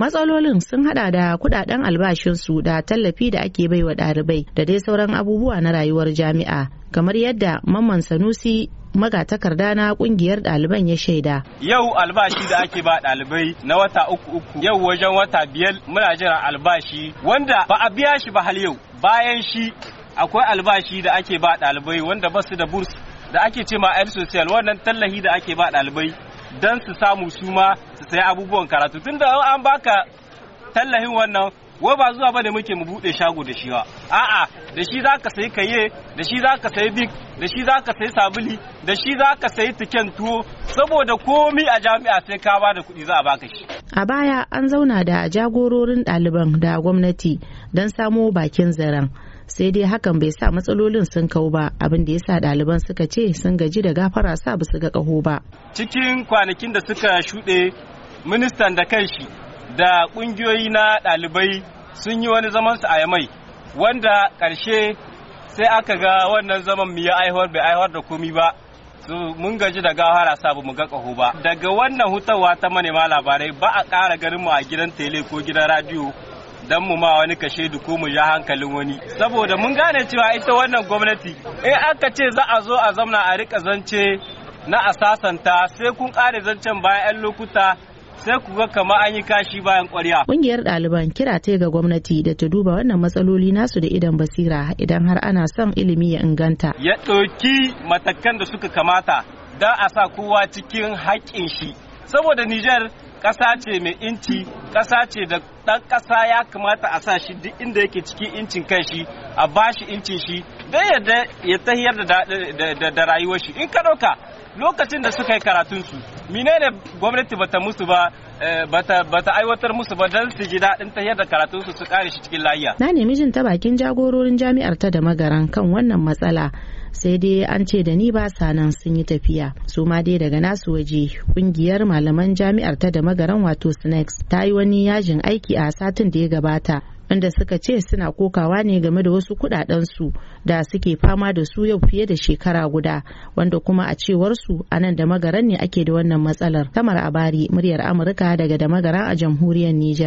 Matsalolin sun hada da kudaden albashinsu da tallafi da ake bai wa ɗalibai da dai sauran abubuwa na rayuwar jami'a kamar yadda Mamman Sanusi magatakarda na kungiyar ɗaliban ya shaida. Yau albashi da ake ba ɗalibai na wata uku uku yau wajen wata biyar muna jira albashi wanda ba a biya shi ba hal yau bayan shi akwai albashi da ake ba ɗalibai wanda ba su da burs da ake ce ma social wannan tallahi da ake ba ɗalibai don su samu su ma su sayi abubuwan karatu tun da an baka tallahin wannan wai ba zuwa ba da muke mu bude shago da shiwa a'a da shi zaka sayi kaye da shi zaka sayi bik da shi zaka sayi sabuli da shi zaka sayi tiken tuwo saboda komi a jami'a sai ka ba da kuɗi za a baka shi a baya an zauna da jagororin ɗaliban da gwamnati don samo bakin zaren sai dai hakan bai sa matsalolin sun kau ba abin da ya sa ɗaliban suka ce sun gaji da gafara sa ba su ga ƙaho ba cikin kwanakin da suka shuɗe ministan da kanshi da ƙungiyoyi na ɗalibai sun yi wani zaman su a mai wanda ƙarshe sai aka ga wannan zaman mu ya aihuwar bai aihuwar da komi ba mun gaji da gawara sa mu ga kaho ba daga wannan hutawa ta manema labarai ba a kara ganin mu a gidan tele ko gidan radio dan mu ma wani kashe ko mu ja hankalin wani saboda mun gane cewa ita wannan gwamnati in aka ce za a zo a zamna a rika zance na asasanta sai kun kare zancen bayan 'yan lokuta sai ku ga kama an yi kashi bayan kwarya. Ƙungiyar ɗaliban kira ta ga gwamnati da ta duba wannan matsaloli nasu da idan basira idan har ana son ilimi ya inganta. Ya ɗauki matakan da suka kamata don a sa kowa cikin haƙƙin shi. Saboda Nijar ƙasa ce mai inci, ƙasa ce da ɗan ƙasa ya kamata a sa shi duk inda yake cikin incin shi a bashi incin shi don yadda ya tahiyar da rayuwar shi. In ka ɗauka lokacin da suka yi karatunsu menene gwamnati bata musu ba eh, bata aiwatar musu ba don su ji daɗin ta yadda karatun su su kare shi cikin lahiya na nemi jin ta bakin jagororin jami'ar ta da magaran kan wannan matsala sai dai an ce da ni ba sa nan sun yi tafiya su ma dai daga nasu waje kungiyar malaman jami'ar ta da magaran wato snacks ta yi wani yajin aiki a satin da ya gabata inda suka ce suna kokawa ne game da wasu kudadensu da suke fama da su yau fiye da shekara guda wanda kuma a cewarsu a nan da magaran ne ake da wannan matsalar. a Abari, muryar Amurka daga da magaran a jamhuriyar Nijar.